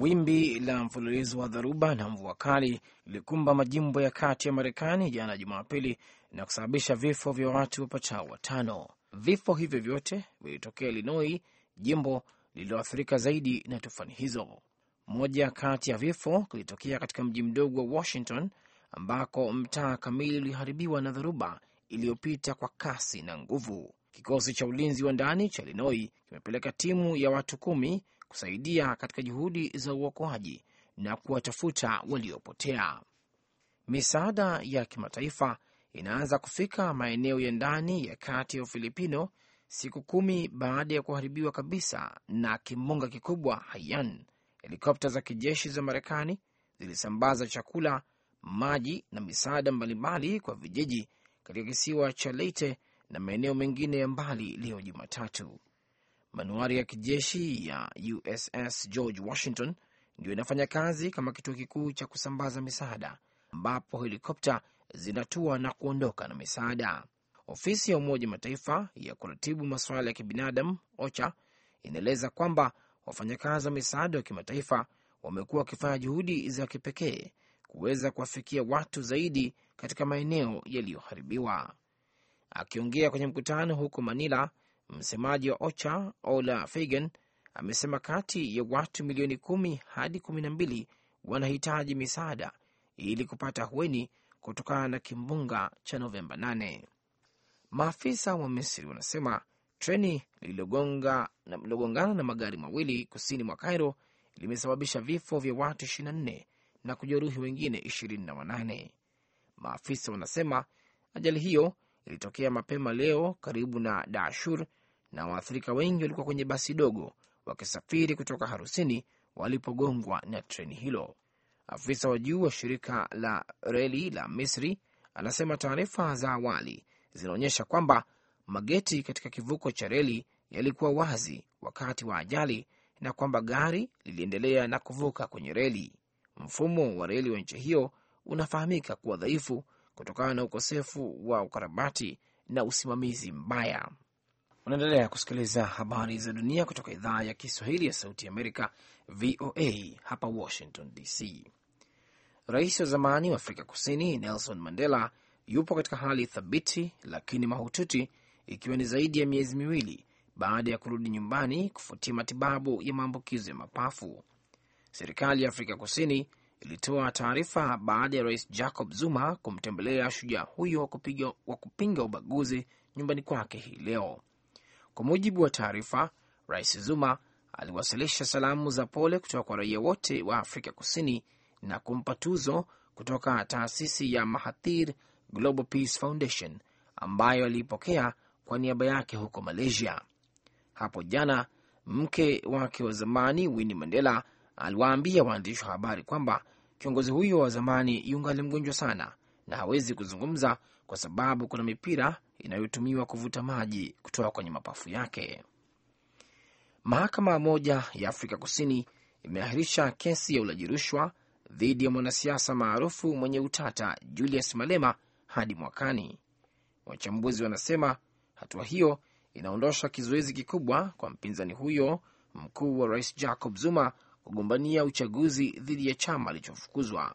Wimbi la mfululizo wa dharuba na mvua kali lilikumba majimbo ya kati ya Marekani jana Jumapili na kusababisha vifo vya watu wapatao watano. Vifo hivyo vyote vilitokea Illinois, jimbo lililoathirika zaidi na tufani hizo. Moja kati ya vifo kilitokea katika mji mdogo wa Washington ambako mtaa kamili uliharibiwa na dharuba iliyopita kwa kasi na nguvu. Kikosi cha ulinzi wa ndani cha Illinois kimepeleka timu ya watu kumi kusaidia katika juhudi za uokoaji na kuwatafuta waliopotea. Misaada ya kimataifa inaanza kufika maeneo ya ndani ya kati ya Ufilipino siku kumi baada ya kuharibiwa kabisa na kimbunga kikubwa Haiyan. Helikopta za kijeshi za Marekani zilisambaza chakula, maji na misaada mbalimbali kwa vijiji katika kisiwa cha Leyte na maeneo mengine ya mbali leo Jumatatu. Manuari ya kijeshi ya USS George Washington ndio inafanya kazi kama kituo kikuu cha kusambaza misaada, ambapo helikopta zinatua na kuondoka na misaada. Ofisi ya Umoja Mataifa ya kuratibu masuala ya kibinadamu OCHA inaeleza kwamba wafanyakazi wa misaada wa kimataifa wamekuwa wakifanya juhudi za kipekee kuweza kuwafikia watu zaidi katika maeneo yaliyoharibiwa. Akiongea kwenye mkutano huko Manila, Msemaji wa OCHA Ola Fagan amesema kati ya watu milioni kumi hadi kumi na mbili wanahitaji misaada ili kupata hueni kutokana na kimbunga cha Novemba 8. Maafisa wa Misri wanasema treni lililogongana na magari mawili kusini mwa Cairo limesababisha vifo vya watu 24 na kujeruhi wengine 28. Maafisa wanasema ajali hiyo ilitokea mapema leo karibu na Dashur na waathirika wengi walikuwa kwenye basi dogo wakisafiri kutoka harusini walipogongwa na treni hilo. Afisa wa juu wa shirika la reli la Misri anasema taarifa za awali zinaonyesha kwamba mageti katika kivuko cha reli yalikuwa wazi wakati wa ajali na kwamba gari liliendelea na kuvuka kwenye reli. Mfumo wa reli wa nchi hiyo unafahamika kuwa dhaifu kutokana na ukosefu wa ukarabati na usimamizi mbaya. Unaendelea kusikiliza habari za dunia kutoka idhaa ya Kiswahili ya Sauti Amerika, VOA hapa Washington DC. Rais wa zamani wa Afrika Kusini Nelson Mandela yupo katika hali thabiti lakini mahututi, ikiwa ni zaidi ya miezi miwili baada ya kurudi nyumbani kufuatia matibabu ya maambukizo ya mapafu. Serikali ya Afrika Kusini ilitoa taarifa baada ya rais Jacob Zuma kumtembelea shujaa huyo wa kupinga ubaguzi nyumbani kwake hii leo. Kwa mujibu wa taarifa, Rais Zuma aliwasilisha salamu za pole kutoka kwa raia wote wa Afrika Kusini na kumpa tuzo kutoka taasisi ya Mahathir Global Peace Foundation ambayo aliipokea kwa niaba yake huko Malaysia. Hapo jana mke wake wa zamani Winnie Mandela aliwaambia waandishi wa habari kwamba kiongozi huyo wa zamani yungali mgonjwa sana na hawezi kuzungumza kwa sababu kuna mipira inayotumiwa kuvuta maji kutoka kwenye mapafu yake. Mahakama moja ya Afrika Kusini imeahirisha kesi ya ulaji rushwa dhidi ya mwanasiasa maarufu mwenye utata Julius Malema hadi mwakani. Wachambuzi wanasema hatua hiyo inaondosha kizuizi kikubwa kwa mpinzani huyo mkuu wa rais Jacob Zuma kugombania uchaguzi dhidi ya chama alichofukuzwa.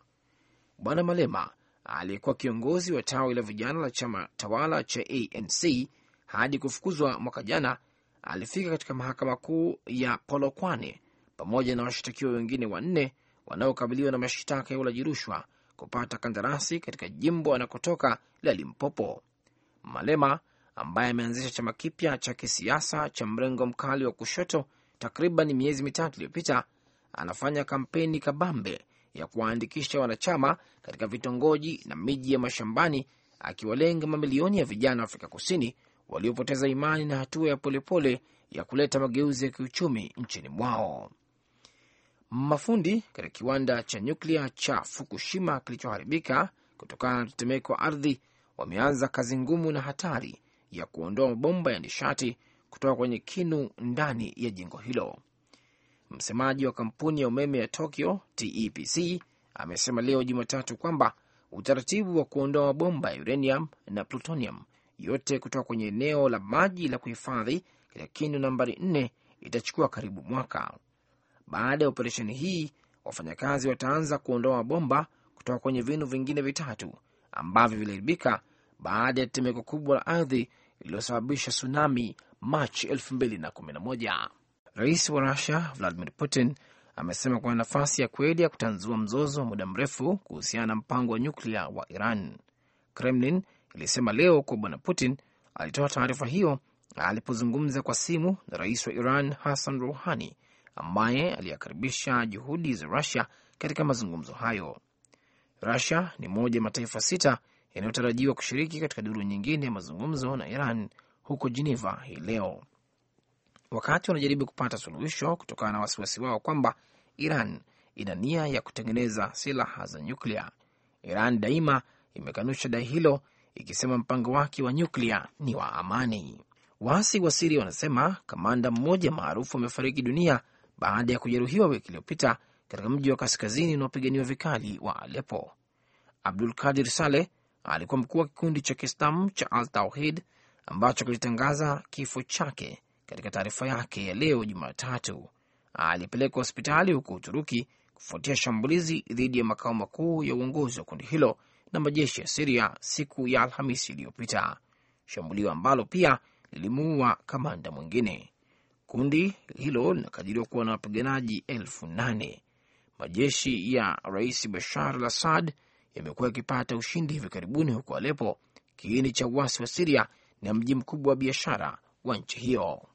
Bwana Malema aliyekuwa kiongozi wa tawi la vijana la chama tawala cha ANC hadi kufukuzwa mwaka jana, alifika katika mahakama kuu ya Polokwane pamoja na washtakiwa wengine wanne wanaokabiliwa na mashtaka ya ulaji rushwa kupata kandarasi katika jimbo anakotoka la Limpopo. Malema ambaye ameanzisha chama kipya cha kisiasa cha mrengo mkali wa kushoto takriban miezi mitatu iliyopita, anafanya kampeni kabambe ya kuwaandikisha wanachama katika vitongoji na miji ya mashambani, akiwalenga mamilioni ya vijana wa Afrika Kusini waliopoteza imani na hatua ya polepole ya kuleta mageuzi ya kiuchumi nchini mwao. Mafundi katika kiwanda cha nyuklia cha Fukushima kilichoharibika kutokana na tetemeko wa ardhi wameanza kazi ngumu na hatari ya kuondoa mabomba ya nishati kutoka kwenye kinu ndani ya jengo hilo. Msemaji wa kampuni ya umeme ya Tokyo TEPC amesema leo Jumatatu kwamba utaratibu wa kuondoa mabomba ya uranium na plutonium yote kutoka kwenye eneo la maji la kuhifadhi katika kinu nambari 4 itachukua karibu mwaka. Baada ya operesheni hii, wafanyakazi wataanza kuondoa mabomba kutoka kwenye vinu vingine vitatu ambavyo viliharibika baada ya tetemeko kubwa la ardhi lililosababisha tsunami Machi 2011. Rais wa Rusia Vladimir Putin amesema kuna nafasi ya kweli ya kutanzua mzozo wa muda mrefu kuhusiana na mpango wa nyuklia wa Iran. Kremlin ilisema leo kuwa bwana Putin alitoa taarifa hiyo alipozungumza kwa simu na rais wa Iran Hassan Rouhani, ambaye aliyakaribisha juhudi za Rusia katika mazungumzo hayo. Rusia ni moja ya mataifa sita yanayotarajiwa kushiriki katika duru nyingine ya mazungumzo na Iran huko Jeneva hii leo wakati wanajaribu kupata suluhisho kutokana na wasiwasi wao kwamba Iran ina nia ya kutengeneza silaha za nyuklia. Iran daima imekanusha dai hilo, ikisema mpango wake wa nyuklia ni wa amani. Waasi wa Siria wanasema kamanda mmoja maarufu amefariki dunia baada ya kujeruhiwa wiki iliyopita katika mji wa kaskazini unaopiganiwa vikali wa Alepo. Abdul Kadir Saleh alikuwa mkuu wa kikundi cha Kiislamu cha Al Tauhid ambacho kilitangaza kifo chake katika taarifa yake ya leo Jumatatu, alipelekwa hospitali huko Uturuki kufuatia shambulizi dhidi ya makao makuu ya uongozi wa kundi hilo na majeshi ya Siria siku ya Alhamisi iliyopita, shambulio ambalo pia lilimuua kamanda mwingine. Kundi hilo linakadiriwa kuwa na wapiganaji elfu nane. Majeshi ya Rais Bashar al Assad yamekuwa yakipata ushindi hivi karibuni huko Alepo, kiini cha uasi wa Siria na mji mkubwa wa biashara wa nchi hiyo.